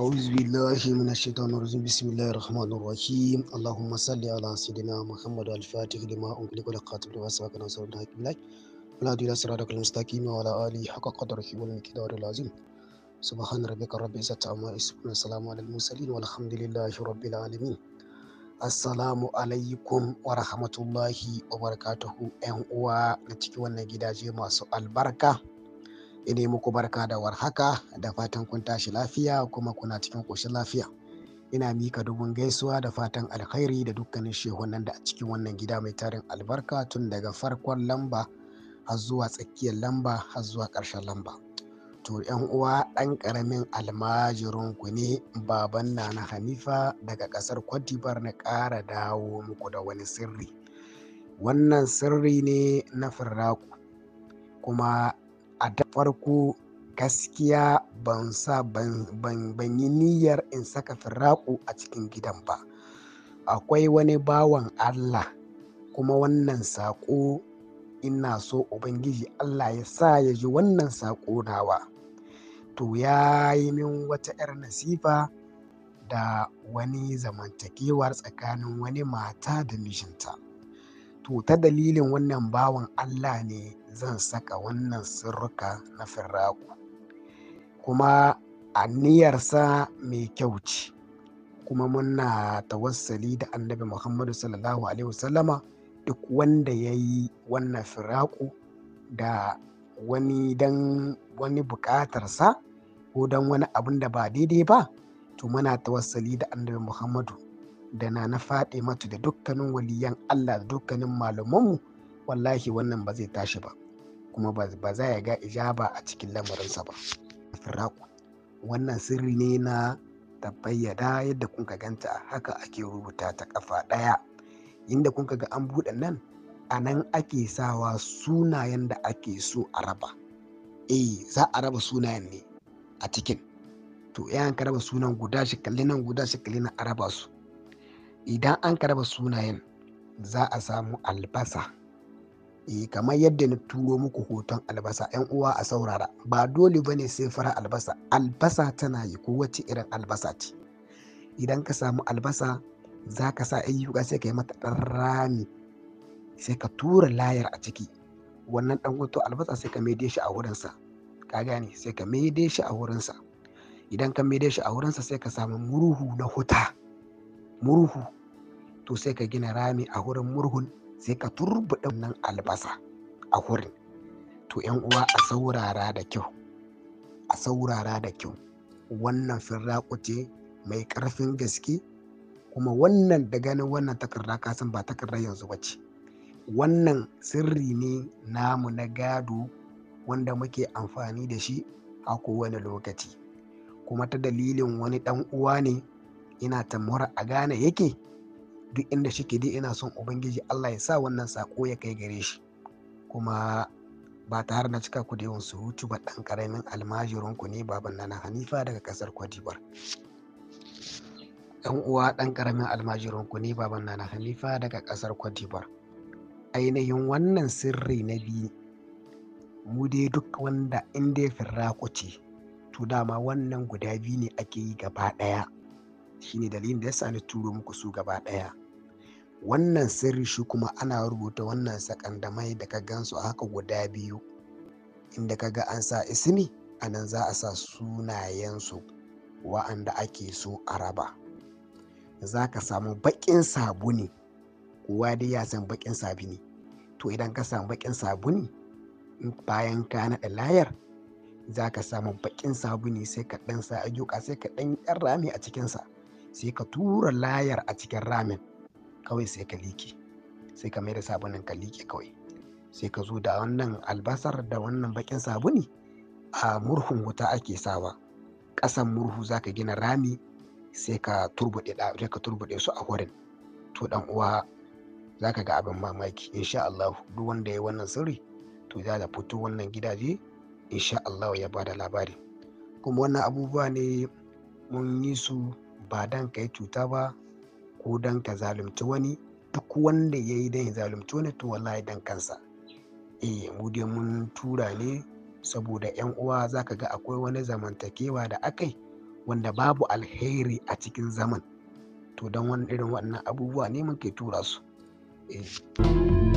أعوذ بالله من الشيطان الرجيم بسم الله الرحمن الرحيم اللهم صل على سيدنا محمد الفاتح لما أغلق والقاتل لما نصر الله الحق لك ولا دين صراطك المستقيم وعلى آله حق قدره والمقدار العظيم سبحان ربك رب العزة عما يصفون السلام على المرسلين والحمد لله رب العالمين Assalamu alaikum wa rahmatullahi wa barakatuhu ‘yan uwa da ciki wannan gidaje masu albarka. Ine muku barka da warhaka da fatan kun tashi lafiya kuma kuna cikin ƙoshin lafiya. Ina mika dubun gaisuwa da fatan alkhairi da dukkanin shehunan da a cikin wannan gida mai tarin albarka tun daga farkon lamba har zuwa tsakiyar lamba har zuwa ƙarshen lamba. to yan uwa ɗan ƙaramin almajirinku ne baban nana hanifa daga ƙasar kwadibar na ƙara dawo muku da wani sirri wannan sirri ne na firaku kuma a da farko gaskiya ban sa ban yi niyyar in saka firaku a cikin gidan ba akwai wani bawan allah kuma wannan saƙo ina so ubangiji allah ya sa ya ji wannan saƙo nawa to ya yi min wata 'yar nasifa da wani zamantakewar tsakanin wani mata da mijinta to ta dalilin wannan bawan allah ne zan saka wannan sirruka na firaku. kuma aniyarsa mai kyau ce kuma muna tawassali da annabi muhammadu sallallahu alaihi wasallama duk wanda ya yi wannan firaku da wani dan wani bukatarsa ko don wani abun da ba daidai ba to muna tawassali da annabi muhammadu da na na faɗi mata da dukkanin waliyan allah da dukkanin malamanmu wallahi wannan ba zai tashi ba kuma ba za ya ga ijaba a cikin lamarinsa ba firaku wannan sirri ne na tabbayyada yadda kun ka ganta haka ake rubuta ta kafa ɗaya inda kun ga an buɗe nan a nan ake sawa sunayen da ake so a raba eh za a raba sunayen ne a cikin to ya an raba sunan guda shi nan guda shi kalli araba su idan an raba sunayen za a samu albasa e kamar yadda na turo muku hoton albasa yan uwa a saurara ba dole bane sai fara albasa albasa tana yi ko wacce irin albasa ce idan ka samu albasa za ka sa ayyuka sai ka yi mata ɗan rami sai ka tura layar a ciki wannan ɗan wato albasa sai ka maide shi a wurinsa ka gane sai ka maide shi a wurinsa idan ka maide shi a wurinsa sai ka samu murhu na huta murhu to sai ka gina rami a wurin murhun sai ka turbuɗa nan albasa a wurin to yan uwa a saurara da kyau a saurara da kyau wannan firrakuce mai ƙarfin gaske kuma wannan da ganin wannan takarda kasan ba takarda yanzu ba ce wannan sirri ne namu na gado wanda muke amfani da shi a kowane lokaci kuma ta dalilin wani ɗan uwa ne ina tamura a gane yake duk inda shi dai ina son ubangiji allah ya sa wannan sako ya kai gare shi kuma ba ta har na cika ku da yawan surutu ba ɗan ƙaramin ku ne baban nana hanifa daga ƙasar kwadibar ɗan uwa ɗan almajirin ku ne baban nana hanifa daga ƙasar kwadibar ainihin wannan sirri na biyu mu dai duk wanda in dai firraku ce to dama wannan guda biyu ne ake yi gaba ɗaya shine dalilin da sa ni turo muku su gaba ɗaya wannan sirri shi kuma ana rubuta wannan sakandamai da ka gansu a haka guda biyu inda ka ga an sa ismi a nan za a sa sunayensu wa'anda ake so a raba za ka samu baƙin sabuni kowa dai ya san baƙin sabuni to idan ka samu baƙin sabuni bayan ka naɗa layar za ka samu baƙin sabuni sai ka ɗan sa ayyuka sai ka ɗan yan rami a cikinsa sai ka tura layar a cikin ramin kawai sai ka liƙe sai ka mai da sabunin ka liƙe kawai sai ka zo da wannan albasar da wannan baƙin sabuni a murhun wuta ake sawa ƙasan murhu za ka gina rami sai ka turbuɗe su a wurin to ɗan uwa za ka ga abin mamaki insha Allah duk wanda ya yi wannan sirri to za da fito wannan gidaje insha Allah ya bada labari kuma wannan abubuwa ne mun yi su ba dan ka yi cuta ba ko dan ka zalunci wani duk wanda ya yi dan ya zalunci wani to wallahi dan kansa eh mu dai mun tura ne saboda yan uwa zaka ga akwai wani zamantakewa da akai wanda babu alheri a cikin zaman to don wani irin wannan abubuwa ne mun muke tura su eh.